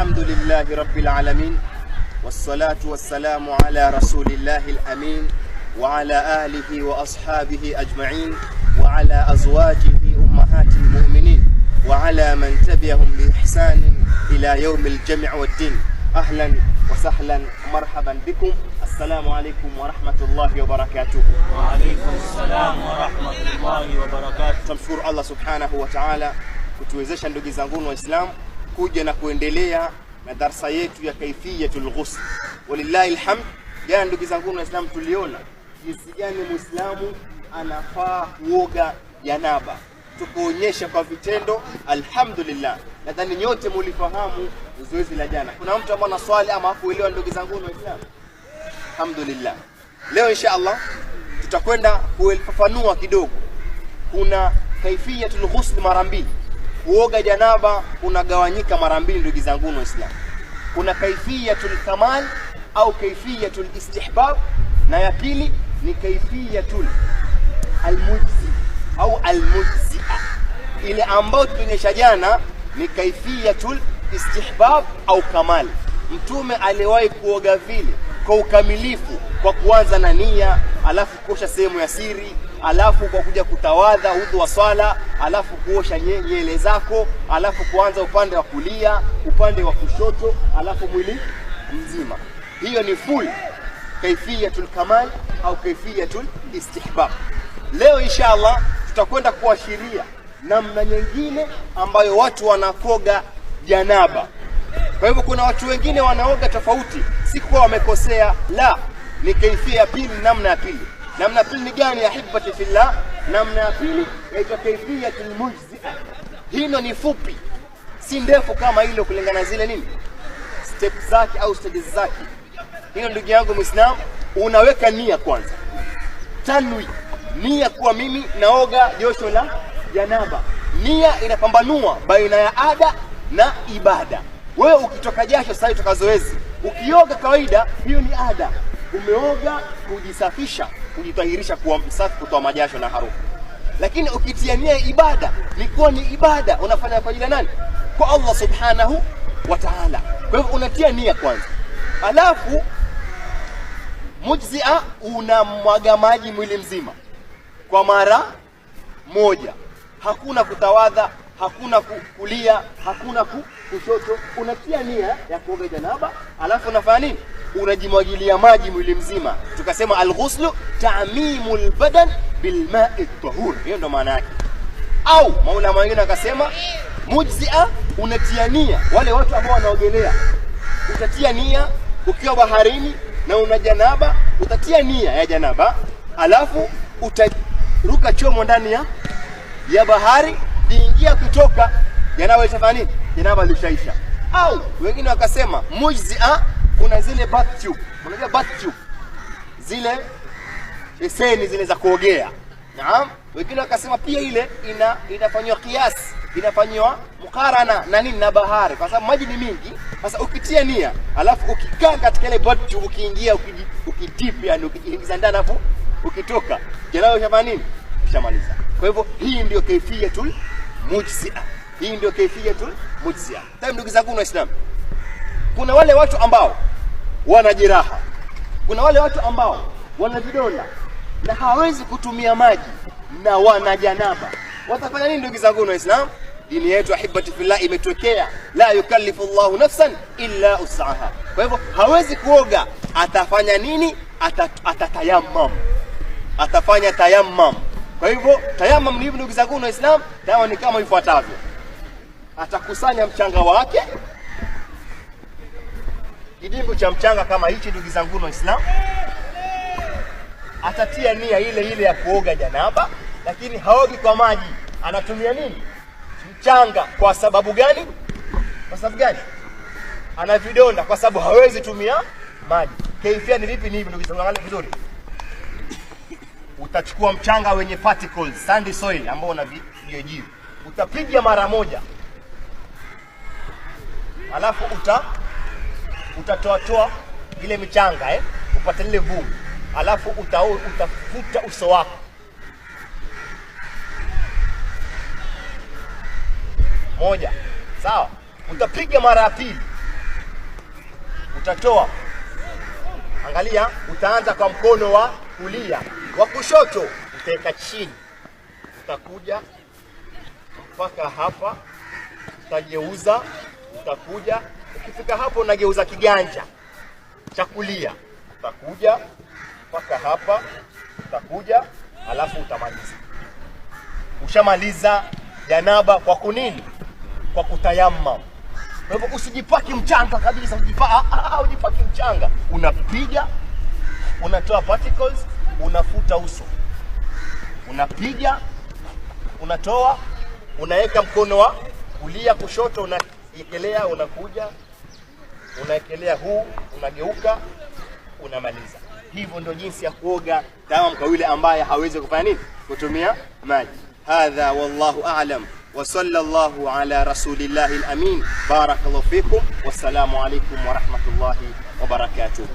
الحمد لله رب العالمين والصلاة والسلام على رسول الله الأمين وعلى آله وأصحابه أجمعين وعلى أزواجه أمهات المؤمنين وعلى من تبعهم بإحسان إلى يوم الجمع والدين أهلا وسهلا مرحبا بكم السلام عليكم ورحمة الله وبركاته وعليكم السلام ورحمة الله وبركاته تمشكر الله سبحانه وتعالى kutuwezesha ndugu zanguni waislamu kuja na kuendelea na darsa yetu ya kaifiyatul ghusl. Walillahi alhamd. Jana ndugu zangu Waislamu, tuliona jinsi gani Muislamu anafaa kuoga janaba, tukuonyesha kwa vitendo. Alhamdulillah, nadhani nyote mulifahamu zoezi la jana. Kuna mtu ambaye anaswali ama hakuelewa? Ndugu zangu Waislamu, alhamdulillah, leo insha Allah tutakwenda kufafanua kidogo. Kuna kaifiyatul ghusl mara mbili kuoga janaba unagawanyika mara mbili, ndugu zangu Waislamu. Kuna kaifiyatul kamal au kaifiyatul istihbab, na ya pili ni kaifiyatul almujzi au almujzia. Ile ambayo tulionyesha jana ni kaifiyatul istihbab au kamal. Mtume aliwahi kuoga vile kwa ukamilifu kwa kuanza na nia, alafu kosha sehemu ya siri alafu kwa kuja kutawadha udhu wa swala, alafu kuosha nyele zako, alafu kuanza upande wa kulia, upande wa kushoto, alafu mwili mzima. Hiyo ni full kaifiyatul kamal au kaifiyatul istihbab. Leo inshallah tutakwenda kuashiria namna nyingine ambayo watu wanakoga janaba. Kwa hivyo kuna watu wengine wanaoga tofauti, si kuwa wamekosea, la, ni kaifia ya pili, namna ya pili. Namna pili ni gani ya hibbati fillah? Namna ya pili yaitwa kaifiyatul mujzia. hino ni fupi, si ndefu kama ilo kulingana zile nini step zake au stages zake. hino ndugu yangu Muislam, unaweka nia kwanza, tanwi nia kuwa mimi naoga josho la janaba. Nia inapambanua baina ya ada na ibada. Wewe ukitoka jasho sasa, toka zoezi, ukioga kawaida, hiyo ni ada, umeoga kujisafisha kujitahirisha, kuwa msafi, kutoa majasho na harufu. Lakini ukitiania ibada ni kuwa ni ibada unafanya kwa ajili ya nani? Kwa Allah subhanahu wa ta'ala. Kwa hivyo unatia nia kwanza, alafu mujzia unamwaga maji mwili mzima kwa mara moja, hakuna kutawadha hakuna kulia, hakuna kushoto. Unatia nia ya kuoga janaba, alafu unafanya nini? Unajimwagilia maji mwili mzima. Tukasema alghuslu ta'mimul badan bilma'i tahur, hiyo ndo maana yake. Au maulama wengine akasema mujzia, unatia nia. Wale watu ambao wanaogelea, utatia nia ukiwa baharini na una janaba, utatia nia ya janaba, alafu utaruka chomo ndani ya ya bahari kiingia kutoka yanaweza nini, yanabadilishaisha. Au wengine wakasema mujzi a ah, kuna zile bath tube, unajua bath tube zile beseni zile za kuogea. Naam, wengine wakasema pia ile ina inafanywa kiasi, inafanywa mukarana na nini na bahari, kwa sababu maji ni mingi. Sasa ukitia nia, alafu ukikaa katika ile bath tube, ukiingia ukidip, yani ukiingiza ndani, alafu ukitoka, janao shafanya nini, ushamaliza. Kwa hivyo hii ndio kaifiatul mujizia. Hii ndio kaifiyatul mujizia. Tayo ndugu zangu Islam, kuna wale watu ambao wana jeraha, kuna wale watu ambao wana vidonda na hawawezi kutumia maji na wana janaba, watafanya nini ndugu zangu islam Dini yetu ahibati fillah imetokea la yukallifu llahu nafsan illa usaha. Kwa hivyo hawezi kuoga, atafanya nini? atatayamam, atafanya tayamam kwa hivyo tayama mlivu, ndugu zangu na Islam, dawa ni kama ifuatavyo: atakusanya mchanga wake, kidimbu cha mchanga kama hichi, ndugu zangu na Islam, atatia nia ile ile ya kuoga janaba, lakini haogi kwa maji, anatumia nini? Mchanga. Kwa sababu gani? Kwa sababu gani? Ana vidonda, kwa sababu hawezi tumia maji. Kaifia ni vipi? Ni hivi ndugu zangu, angalia vizuri utachukua mchanga wenye particles, sandy soil ambao una vijiojivu, utapiga mara moja, alafu uta utatoatoa ile michanga eh, upate lile vumbi, alafu uta, utafuta uso wako moja, sawa. Utapiga mara ya pili, utatoa. Angalia, utaanza kwa mkono wa kulia, wa kushoto utaweka chini, utakuja mpaka hapa, utageuza, utakuja. Ukifika hapo, unageuza kiganja cha kulia, utakuja mpaka hapa, utakuja, alafu utamaliza. Ushamaliza janaba kwa kunini? Kwa kutayamam. Kwa hivyo usijipaki mchanga kabisa, ujipa, ah, ah, ah, ujipaki mchanga, unapiga unatoa particles, unafuta uso, unapiga, unatoa, unaweka mkono wa kulia kushoto, unaekelea, unakuja, unaekelea huu, unageuka, unamaliza. Hivyo ndio jinsi ya kuoga dawa kwa yule ambaye hawezi kufanya nini, kutumia maji. Hadha wallahu a'lam wa sallallahu ala rasulillahi al-amin. Barakallahu fikum, wassalamu alaykum wa rahmatullahi wa barakatuh.